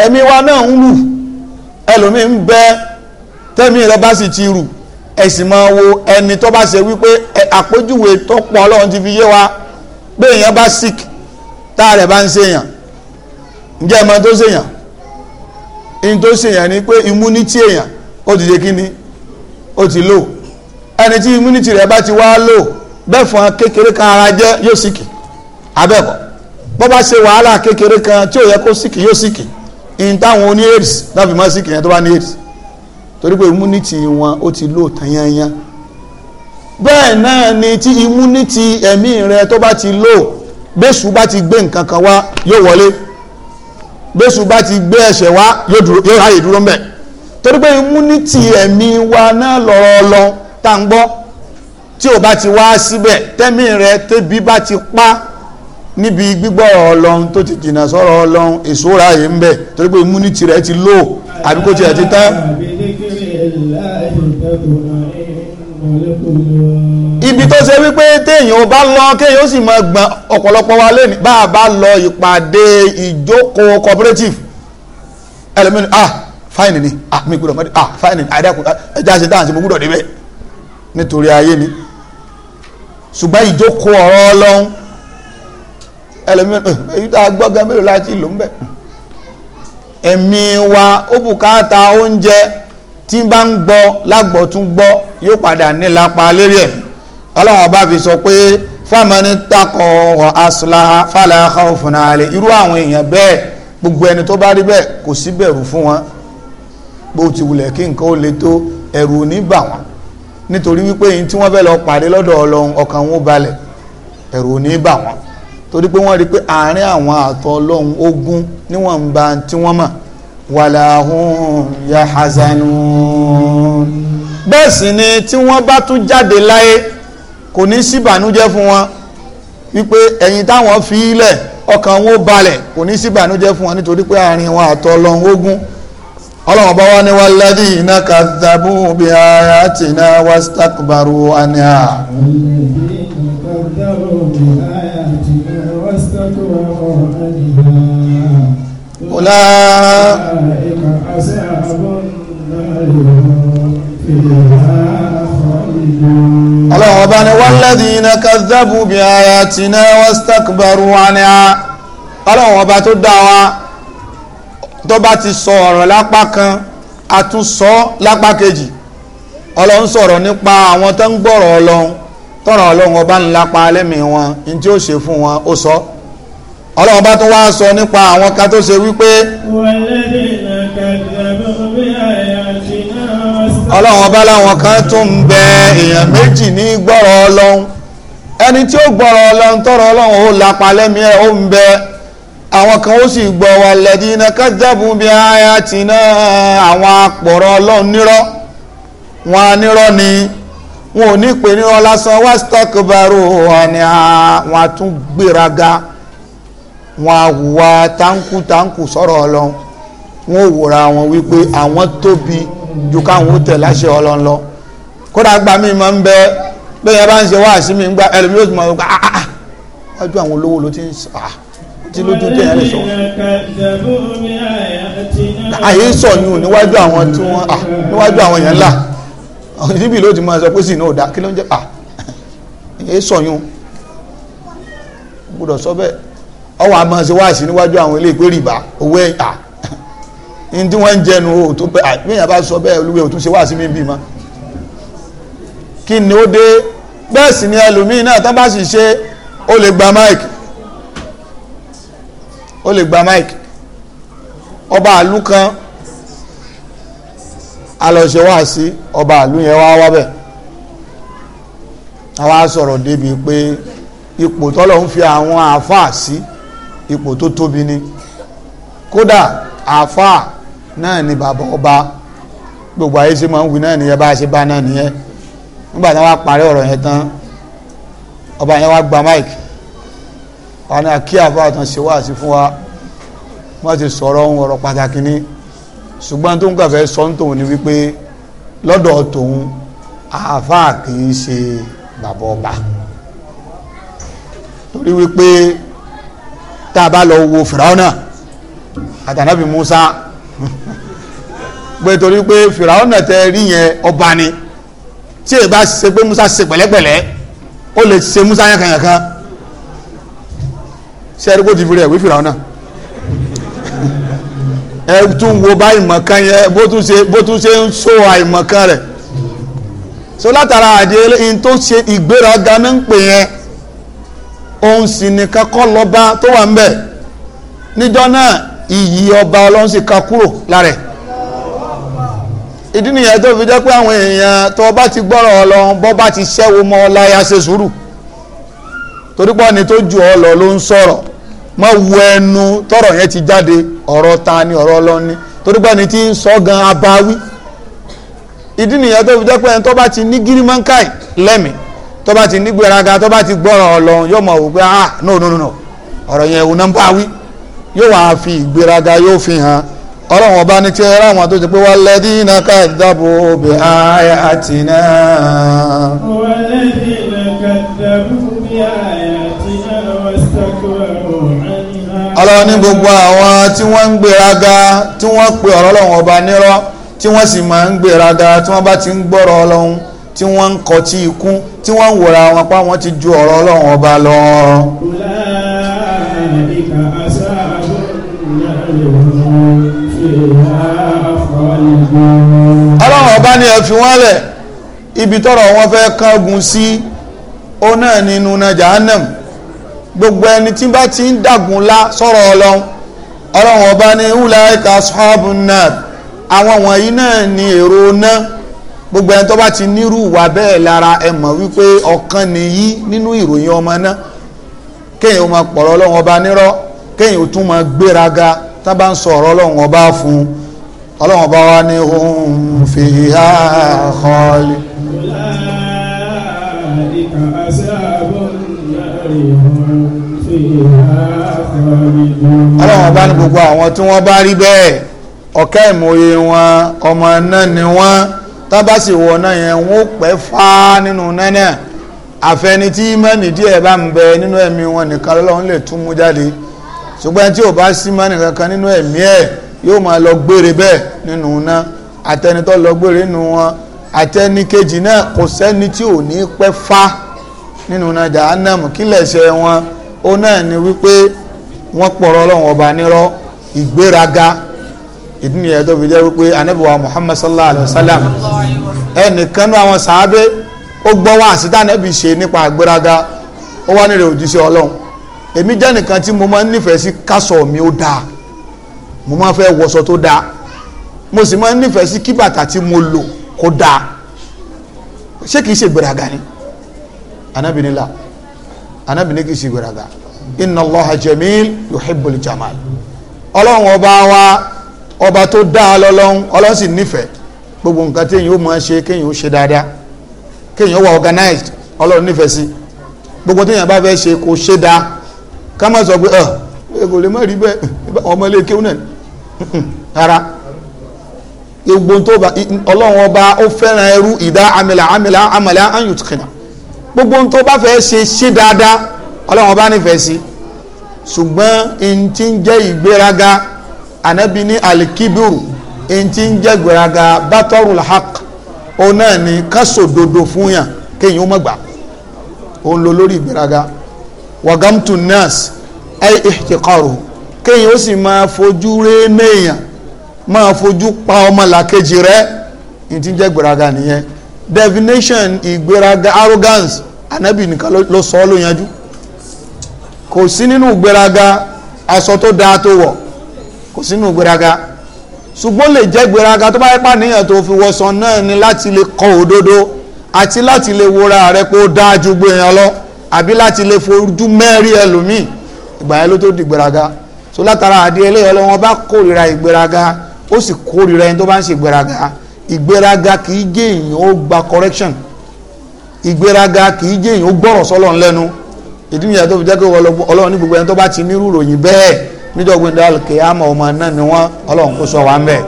[SPEAKER 1] ẹ̀mí wa náà ń rù ẹlòmíì ń bẹ tẹ́mi rẹ ti rù ẹ̀sìn máa wo ẹni tó bá ṣe wípé àpèjúwe tó pọ̀ ọlọ́run ti fi yé wa pé èèyàn bá sick tá a rẹ̀ bá ń ṣèyàn ǹjẹ́ ẹ̀ mọ tó ṣèyàn tó ni pé immunity èèyàn ó ti ṣe kí ni ó ti lò ẹni tí immunity rẹ̀ bá ti wá lò bẹ́ẹ̀ fún kékeré kan ara jẹ́ yóò síkì abẹ́ẹ̀kọ́ bó bá ṣe wàhálà kékeré kan tí ò yẹ kó síkì yóò síkì in táwọn oní aids náà fi máa síkì yẹn tó bá ní aids torí pé immunity wọn ó ti lò tán yányán bẹ́ẹ̀ náà ni tí immunity ẹ̀mí rẹ tó bá ti lò bẹ́sù bá ti gbé nǹkan kan wá yóò wọlé bẹ́sù bá ti gbé ẹ̀ṣẹ̀ wá yóò ráyè dúró mbẹ̀ torí pé immunity ẹ̀mí wa náà lọ́ọ́ lọ́ọ́ tá ń gbọ́ tí o bá ti wá síbẹ̀ tẹ́mí rẹ tẹ́bí bá ti pa níbi gbígbọ́rọ̀ ọlọ́run tó ti jìnnà sọ́rọ̀ ọlọ́run èso ra yìí ń bẹ̀ torí pé rẹ ti low àbí tiẹ̀ ti tán. ibi tó ṣe wípé téèyàn bá lọ kéèyàn ó sì mọ gbọ̀n ọ̀pọ̀lọpọ̀ wa lẹ́nu bá a lọ ìpàdé ìjókòó cooperative ah ah mi nítorí ayé ni ṣùgbọ́n ìjókòó ọ̀rọ̀ ọlọ́run ẹlòmíràn eh, èyí tá a gbọ́ gan mélòó láti lò ń bẹ̀ ẹ̀mí wa ó bùkátà oúnjẹ tí bá ń gbọ́ lágbọ́ tún gbọ́ yóò padà nílapa lérí ẹ̀ ọlọ́run bá fi sọ pé fámánì takọ̀ ọ̀rọ̀ asùláha fàlàkà òfúnàlẹ̀ irú àwọn èèyàn bẹ́ẹ̀ gbogbo ẹni tó bá rí bẹ́ẹ̀ kò sí bẹ̀rù fún wọn bó ti wulẹ̀ kí nǹkan ó le tó ẹ̀rù ò ní bà wọ́n nítorí wípé yìí tí wọ́n fẹ́ lọ pàdé lọ́dọ̀ ọlọ́run ọkàn wọn balẹ̀ ẹ̀rù ò ní bà wọ́n torí pé wọ́n rí pé àárín àwọn àtọ́ ọlọ́run ogún níwọ̀n ń ba tí wọ́n mọ̀ wàlàhùn yahazanu bẹ́ẹ̀ sì ni tí wọ́n bá tún jáde láyé kò ní síbànújẹ́ fún wọn wípé ẹ̀yìn táwọn fi í lẹ̀ ọkàn wọn balẹ̀ kò ní síbànújẹ́ fún wọn nítorí pé àárín àwọn àtọ́ ọlọ́run ogún ọlọ́run bá wá ní walladhina kadhabu bi ayatina wastakbaru anha. ọlá ọlọ́run bá ní walladhina kadhabu bi ayatina wastakbaru anha ọlọ́run ọba tó dá wa tó bá ti sọ ọ̀rọ̀ lápá kan a tún sọ lápá kejì ọlọ́run sọ̀rọ̀ nípa àwọn tó ń gbọ́rọ̀ ọlọ́run tọ́rọ̀ ọlọ́run ọba ń lápá lẹ́mìí wọn ní tí ó ṣe fún wọn ó sọ ọlọ́run bá tún wá sọ nípa àwọn kan tó ṣe wípé
[SPEAKER 2] ọlọ́run ọba láwọn
[SPEAKER 1] kan tún ń bẹ èèyàn méjì ní gbọ́rọ̀ ọlọ́run ẹni tí ó gbọ́rọ̀ ọlọ́run tọ́rọ̀ ọlọ́run ó lápá lẹ́mìí ẹ̀ ó ń bẹ àwọn kan ó sì gbọ́ wà lẹ́dínà kájábù bí ayatina àwọn apọ̀rọ̀ ọlọ́run nírọ́ wọn nírọ́ ni wọn ò ní pè wá gbéraga wọn àwùwà táǹkù táǹkù sọ̀rọ̀ ọlọ́run wọn ò wòra wọn wípé àwọn tóbi ju káwọn ó tẹ̀ láṣẹ ọlọ́run lọ kódà gba mi máa ń bẹ bẹ́ẹ̀ yẹn bá ń ṣe wáàsí mi ń gba ẹlòmíràn ó sì máa ń ah, ah, ah, àwọn olówó ló ti tí lójú tẹ ẹ lè sọ. àyè sọ ni ò níwájú àwọn tí wọn à níwájú àwọn èèyàn ńlá níbi ló ti máa sọ pé sì náà ò dá kí ló ń jẹ à èyí sọ yún gbọ́dọ̀ sọ bẹ́ẹ̀ ọwọ́ àmọ́ ṣe wá sí níwájú àwọn ilé ìpè rìbá owó ẹ̀yà ní tí wọ́n ń jẹnu o tó bẹ́ẹ̀ àbíyàn bá sọ bẹ́ẹ̀ olúwe òtún ṣe wá sí mi bí ma kí ni ó dé bẹ́ẹ̀ sì ni ẹlòmíín náà tán bá sì ṣe ó lè gba máìkì ó lè gba mic ọba àlú kan alọ̀ṣẹ́ wá sí ọba àlú yẹn wá wábẹ̀ àwa sọ̀rọ̀ débi pé ipò tọ́lọ̀ ń fi àwọn àáfàá sí ipò tó tóbi ni kódà àáfàá náà ni bàbá ọba gbogbo ayé ṣe máa ń wí náà nìyẹn bá a ṣe bá náà nìyẹn nígbà tí wọ́n parí ọ̀rọ̀ yẹn tán ọba yẹn wá gba mic wọn ni àkíyàfọ́ àtàn ṣe wá sí fún wa wọ́n ti sọ̀rọ̀ ohun ọ̀rọ̀ pàtàkì ni ṣùgbọ́n tó ń kàfẹ́ sọ ń tòun ni wípé lọ́dọ̀ tòun àáfàá kì í ṣe bàbá ọba torí wípé tá a bá lọ wo fìràwọ́nà àtànàbì Musa pé torí pé fìràwọ́nà tẹ rí yẹn ọba ni tí èyí bá ṣe pé Musa ṣe pẹ̀lẹ́pẹ̀lẹ́ ó lè ṣe Musa yankanyankan ṣe é rí kó ti fi rẹ̀ wí fìràwọ́nà ẹ tún wo bá ìmọ̀kan yẹn bó tún ṣe bó tún ṣe ń so àìmọ̀kan rẹ̀ so látara àdéhùn in tó ṣe ìgbéraga ní ń pè yẹn òun sì nìkan kọ́ lọ́ba tó wà ń bẹ̀ níjọ́ náà iyì ọba ọlọ́run sì ka kúrò lára ẹ̀ ìdí nìyẹn tó fi jẹ́ pé àwọn èèyàn tó bá ti gbọ́rọ̀ ọlọ́run bọ́ bá ti ṣẹ́wó mọ́ ọláyà ṣe sùúrù torípọ̀ ni tó ju ọ ló ń sọ̀rọ̀ mọ́ wu ẹnu tọ̀rọ̀ yẹn ti jáde ọ̀rọ̀ ta ni ọ̀rọ̀ ọlọ́run torí pé tí ń sọ gan abawí ìdí nìyẹn tó fi jẹ́ pé tó bá ti ní gírímọ́ńkàì lẹ́mìí tó bá ti ní gbéraga tó bá ti gbọ́rọ̀ ọlọ́run yóò mọ̀ ah no no no ọ̀rọ̀ yẹn òun náà wí yóò wá fi ìgbéraga yóò fi hàn ọlọ́run ọba ní tó ti pé wá lẹ́dínà ọlọ́run ní gbogbo àwọn tí wọ́n ń gbéraga tí wọ́n pe ọ̀rọ̀ ọlọ́run ọba nírọ́ tí wọ́n sì máa ń gbéraga tí wọ́n bá ti ń gbọ́rọ̀ ọlọ́run tí wọ́n ń kọtí ikú tí wọ́n ń wòra wọn pa wọ́n ti ju ọ̀rọ̀ ọlọ́run ọba lọ. ọlọ́run ọba ni ẹ fi wọ́n lẹ̀ ibi tọ́rọ̀ wọn fẹ́ kángun sí ó náà nínú náà jahannam gbogbo ẹni tí bá ti ń dàgùn lá sọ̀rọ̀ ọlọ́run ọlọ́run ọba ní ulaika ashabun nar àwọn wọ̀nyí náà ni èrò náà gbogbo ẹni tó bá ti nírú ìwà bẹ́ẹ̀ lára ẹ mọ̀ wípé ọ̀kan nìyí nínú ìròyìn ọmọ náà kéèyàn máa pọ̀rọ̀ ọlọ́run ọba nírọ́ kéèyàn tún máa gbéraga tá bá ń sọ ọ̀rọ̀ ọlọ́run ọba fún ọlọ́run ọba wa ní hum ọlọ́run ọba ní gbogbo àwọn tí wọ́n bá rí bẹ́ẹ̀ ọ̀kẹ́ ìmòye wọn ọmọ náà ni wọ́n tábà sì wọ̀ náà yẹn wọ́n pẹ́ fá nínú nẹ́nẹ́ àfẹni tí mẹ́ni díẹ̀ bá ń bẹ nínú ẹ̀mí wọn nìkan lọ́wọ́n lè tún mú jáde ṣùgbọ́n tí ò bá sí mẹ́ni kankan nínú ẹ̀mí ẹ̀ yóò máa lọ gbére bẹ́ẹ̀ nínú àtẹnitọ́ lọ gbére nínú wọn náà kò sẹ́ni tí ò ní pẹ́ fá nínú kílẹ̀ ṣe wọn ó náà ni wípé wọ́n pọ̀rọ̀ ọlọ́run ọba nírọ́ ìgbéraga ìdí nìyẹn tó fi jẹ́ wípé anábìwá muhammad sallallahu alayhi wa sallam ẹnìkan ní àwọn sàábé ó gbọ́ wá àsìtá anábì ṣe nípa ìgbéraga ó wá nílẹ̀ òjíṣẹ́ ọlọ́run èmi jẹ́ nìkan tí mo máa ń nífẹ̀ẹ́ sí kásọ̀ mi ó dáa mo máa fẹ́ wọṣọ tó dáa mo sì máa ń nífẹ̀ẹ́ sí kí bàtà tí mo lò kó dáa ṣé kìí ṣe ni anábìnrin la anabi ní kì í ṣe gbéraga inna allaha jamil yuhibbul jamal ọlọ́run ọba wa ọba tó dáa lọ́lọ́run ọlọ́run sì nífẹ̀ẹ́ gbogbo nǹkan téèyàn ó máa ṣe kéèyàn ó ṣe dáadáa kéèyàn ó wà organized ọlọ́run nífẹ̀ẹ́ sí gbogbo téèyàn bá fẹ́ ṣe kó ṣe dáa ká má sọ pé ẹ kò lè má rí bẹ́ẹ̀ ọmọ ilé kéwù náà rárá gbogbo tó bá ọlọ́run ọba ó fẹ́ràn ẹrú ìdá amìlà amìlà amìlà anyutkinna gbogbo ohun tó bá fẹ́ ṣe ṣe dáadáa ọlọ́run bá nífẹ̀ẹ́ sí ṣùgbọ́n ẹni ń jẹ́ ìgbéraga ànábi ní alikiburu ẹni tí ń jẹ́ ìgbéraga bátọ́rù haq òun náà ni kásòdodo fún yàn kéèyàn ó mọ̀ gbà òun lo lórí ìgbéraga wagamtu nas ay ihtiqaru kéèyàn ó sì máa fojú ré méèyàn máa fojú pa ọmọlàkejì rẹ ẹni ń jẹ́ ìgbéraga nìyẹn definition ìgbéraga arrogance anabi nìkan ló sọ ọ́ ló yanjú kò sí nínú ìgbéraga aṣọ tó dáa tó wọ̀ kò sí nínú ìgbéraga ṣùgbọ́n lè jẹ́ ìgbéraga tó bá yẹ pa tó fi wọṣọ náà ni láti lè kọ òdodo àti láti lè wora rẹ pé ó dáa ju gbé yẹn lọ àbí láti lè fojú mẹ́rin ẹlòmíì ìgbà yẹn ló tó di ìgbéraga so látara àdé ẹlẹ́yọ̀ lọ́wọ́ bá kórìíra ìgbéraga ó sì kórìíra ẹni tó bá ń ṣe ìgbéraga ìgbéraga kì í jẹ́ èèyàn ó gba correction ìgbéraga kì í jẹ́ èèyàn ó gbọ́rọ̀ sọ́lọ̀ ńlẹ́nu ìdí nìyẹn tó fi jẹ́ pé ọlọ́run ní gbogbo ẹni tó bá ti nírú ròyìn bẹ́ẹ̀ níjọ́ gbẹ̀dẹ̀ alùkìyàmọ̀ ọmọ náà ni wọ́n ọlọ́run kó sọ wá ń bẹ̀.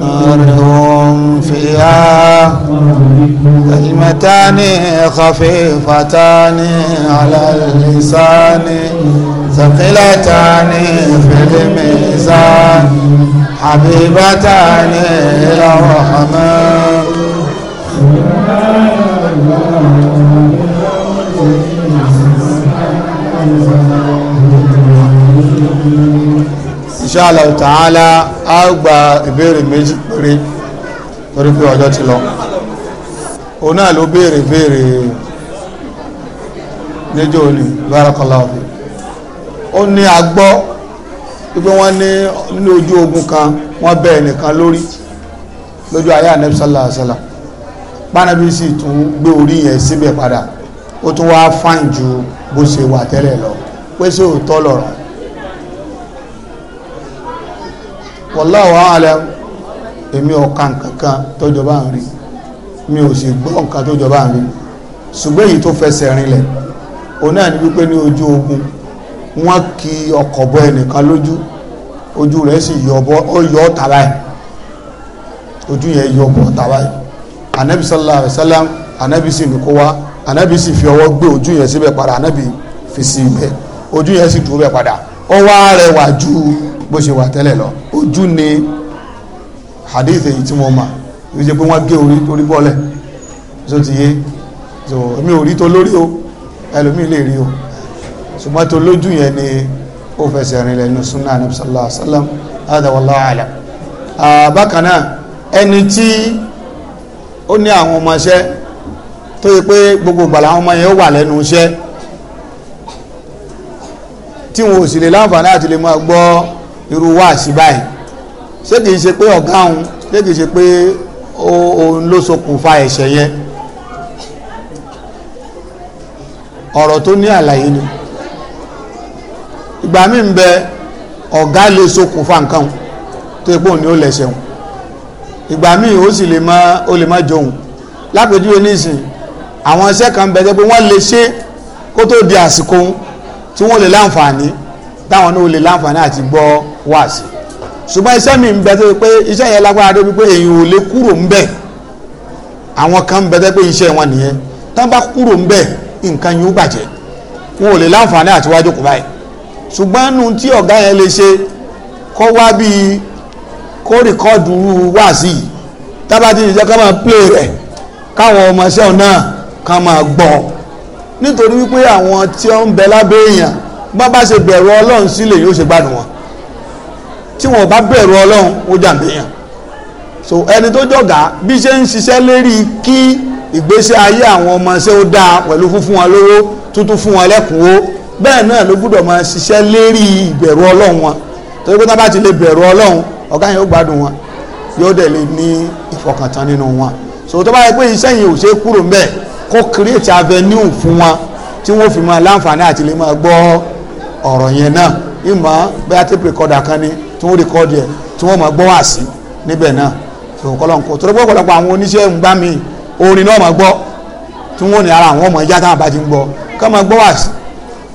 [SPEAKER 1] نارهم فيها كلمتان خفيفتان على اللسان ثقلتان في الميزان حبيبتان إلى الرحمن inshallah ta'ala a gba ìbéèrè méjì péré torí pé ọjọ́ ti lọ òun náà ló béèrè béèrè níjọ́ òní barakallahu ó ní agbọ́ wípé wọ́n ní nínú ojú ogun kan wọ́n bẹ́ ẹnìkan lórí lójú ayé ànábì sallallahu alaihi wasallam pánábí sì tún gbé orí yẹn síbẹ̀ padà ó tún wáá fáìn ju bó ṣe wà tẹ́lẹ̀ lọ pé sí òótọ́ lọ̀rọ̀ wallahu a'lam èmi ọ̀ka nǹkankan tọ́jọba ń rí mi ò sì gbọ́ nǹkan tọ́jọba ń rí ṣùgbọ́n èyí tó fẹsẹ̀ rinlẹ̀ òun náà ní wípé ní ojú ogun wọ́n kì ọkọ̀ bọ ẹnìkan lójú ojú rẹ̀ sì yọ̀bọ ó yọ tàbá ẹ̀ ojú yẹn yọ̀bọ tàbá ẹ̀ anabi sallallahu alayhi wa sallam anabi sì ní kó wá anabi sì fi ọwọ́ gbé ojú yẹn síbẹ̀ padà anabi fi sí ibẹ̀ ojú yẹn sì dúró bẹ̀ padà ó wá rẹwà ju bó ṣe wà tẹ́lẹ̀ lọ ojú ni hadith èyí tí wọ́n mọ̀ èyí ṣe pé wọ́n gé orí torí bọ́ọ̀lẹ̀ tó ti yé so èmi ò rí tó lórí o ẹlòmíì lè rí o ṣùgbọ́n tó lójú yẹn ni ó fẹsẹ̀ rìn lẹ́nu súnà ní sallallahu alaihi wasallam adàwọ̀lá àlà bákan náà ẹni tí ó ní àwọn ọmọọṣẹ́ tó yẹ pé gbogbo ìgbà làwọn ọmọ yẹn ó wà lẹ́nu iṣẹ́ tí wọn ò sì lè láǹfààní àti lè máa gbọ́ irú wáàsí báyìí ṣé kìí ṣe pé ọ̀gá òun ṣé kìí ṣe pé òun ló ṣokùnfà ẹ̀ṣẹ̀ yẹn ọ̀rọ̀ tó ní àlàyé ni ìgbà mí ń bẹ ọ̀gá lè ṣokùnfà nǹkan tó epo ni ó lẹ̀ṣẹ̀ wọn ìgbà míì ó sì lè má ó lè má jòun lápèjúwe nísìn àwọn iṣẹ́ kan bẹ jẹ́ pé wọ́n lè ṣe kó tó di àsìkò tí wọ́n lè láǹfààní táwọn náà lè láǹfààní àti gbọ́ wáàsí ṣùgbọ́n iṣẹ́ mi bẹ tó pé iṣẹ́ yẹn lágbára débi pé èyàn ò lè kúrò ń bẹ̀ àwọn kan bẹ tẹ́ pé iṣẹ́ wọn nìyẹn tán bá kúrò ń bẹ̀ nǹkan yóò bàjẹ́ wọn ò lè láǹfààní àti wájú báyìí ṣùgbọ́n nù tí ọ̀gá yẹn lè ṣe kó wá bíi kó rìkọ́dù wáàsí tábàtì ìjọ ká máa pè rẹ̀ káwọn ọmọọṣẹ́ náà ká máa gbọ́ nítorí wípé àwọn tí ó ń bẹ lábẹ́ èèyàn bá bá ṣe bẹ̀rù ọlọ́run sílẹ̀ yóò ṣe gbádùn wọn tí wọn bá bẹ̀rù ọlọ́run ó jàǹbé yàn so ẹni tó jọ̀gá bí ṣe ń ṣiṣẹ́ lérí kí ìgbésí ayé àwọn ọmọọṣẹ́ ó dáa pẹ̀lú fúnfún wọn lówó tuntun fún wọn lẹ́kùnwó bẹ́ẹ̀ náà ló gbúdọ̀ máa ṣiṣẹ́ lérí ìbẹ̀rù ọlọ́run wọn torí pé tábà ti lè bẹ̀rù ọlọ́run ọ̀gá yẹn ó gbádùn wọn yóò dẹ̀ lè ní ìfọkàntán nínú wọn so tó bá yẹ pé iṣẹ́ yìí ò ṣe kúrò mbẹ́ kó create avenue fún wọn tí wọ́n fi máa láǹfààní àti lè máa gbọ́ ọ̀rọ̀ yẹn náà ìmọ̀ bẹ́ẹ̀ kan ni tí wọ́n tí wọ́n máa gbọ́ wá ní ara àwọn ọmọ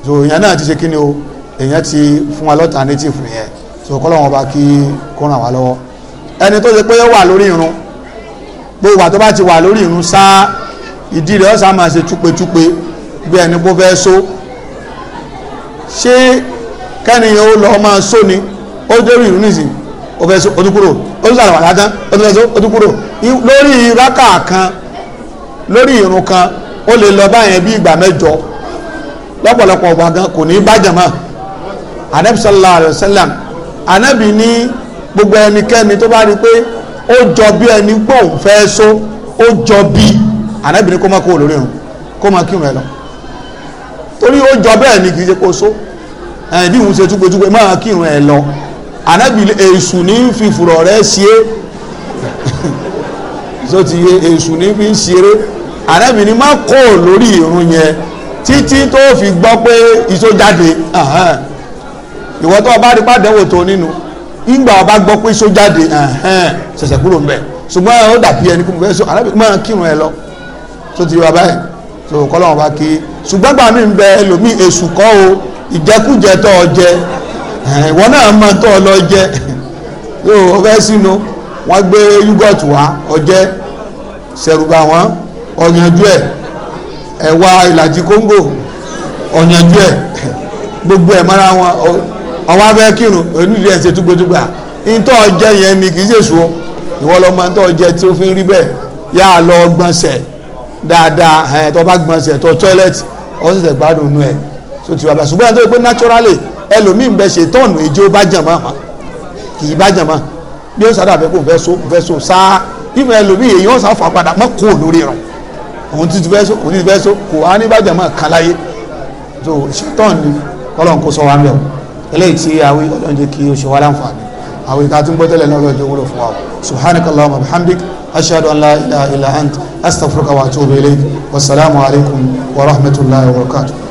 [SPEAKER 1] so èèyàn náà ti ṣe kí ni o èèyàn ti fún wa lọ́tà native nìyẹn so kọ́lọ́wọ́n bá kí kó ràn wá lọ́wọ́ ẹni tó ṣe pé ó wà lórí irun gbogbo àtọ́ bá ti wà lórí irun sáá ìdí rẹ̀ ọ̀sán máa ṣe túpetúpe bí ẹni bó fẹ́ so ṣé kẹ́niyàn ó lọ máa so ni ó dórí irun nìsín ó fẹ́ so ó tún kúrò ó tún sàlàwà látán ó tún fẹ́ so ó tún kúrò lórí rákà kan lórí irun kan ó lè lọ báyẹn bí ìgbà mẹ́jọ lọ́pọ̀lọpọ̀ ọba gan kò ní bàjẹ́ mọ́ anabi sallallahu alayhi wa sallam anabi ní gbogbo ẹnikẹ́ni tó bá rí pé ó jọ bí ẹni pọ̀ ń fẹ́ so ó jọ bí anabi ní kó má kó o lórí irun kó má kírun ẹ lọ torí ó jọ bẹ́ẹ̀ ni kì ṣe kó so ẹ̀ bí òun ṣe túgbẹ́túgbẹ́ má kírun ẹ lọ anabi èṣù ní fìfúrọ̀ rẹ̀ ṣe so ti ye èṣù ní fi ṣeré anabi ní má kó o lórí irun yẹn. títí tó fi gbọ́ pé iṣó jáde ìwọ tó bá rí pàdánwò tó nínú ìgbà ọba gbọ́ pé iṣó jáde ṣẹ̀ṣẹ̀ kúrò ń ṣùgbọ́n ó dàbí ẹni kúmọ̀ fẹ́ sọ alábìkú máa kírun ẹ lọ tó ti wà báyìí tó kọ́ lọ́wọ́ bá kí ṣùgbọ́n gbà mí bẹ ẹlòmíì èṣù kọ́ o ìjẹkújẹ tó o jẹ ìwọ náà máa tó o lọ jẹ yóò sínú gbé yúgọ̀tù wá ọjẹ́ ṣẹ̀rùbà wọn ẹ̀ ẹ̀wà ìlàjì kóńgò ọ̀yànjú ẹ̀ gbogbo ẹ̀ mọ́ra wọn ọwọ́ abẹ́ kírun onídìí ẹ̀ ṣe túgbòtúgbà ntọ́ jẹ yẹn ni kì í ṣe sùn ìwọ lọ́mọ ntọ́ jẹ tí ó fi ń rí bẹ́ẹ̀ yà á lọ gbọ̀nsẹ̀ dáadáa ẹ̀ tó bá gbọ̀nsẹ̀ tó tọ́ílẹ̀tì ọ̀sẹ̀ gbádùn nù ẹ̀ tó ti wà bá ṣùgbọ́n àti pé naturally ẹlòmíì ń bẹ ṣe tọ́ọ̀nù ìjó bá jàmọ́ àmọ́ kì í bá jàmọ́ bí ó sáré àbẹ́kò fẹ́ so fẹ́ so sáá ìfẹ́ ẹlòmíì èyí ó sá fà padà mọ́ kó lórí rẹ̀ òun ti fẹ́ so òun ti fẹ́ so kò á ní bàjẹ́ mọ́ kan láyé so ṣetán ni kọ́lọ́n kó sọ wa mẹ́ o eléyìí tí àwọn ọlọ́run jẹ́ kí o ṣe wá láǹfààní àwọn ìta tí ń gbọ́ tẹ́lẹ̀ náà lọ́ọ́ wúlò fún wa subhanaka allahumma bihamdik ashhadu ilaha illa ant astaghfiruka wa atubu ilayk wasalaamu wa rahmatulahi wa barakatuh.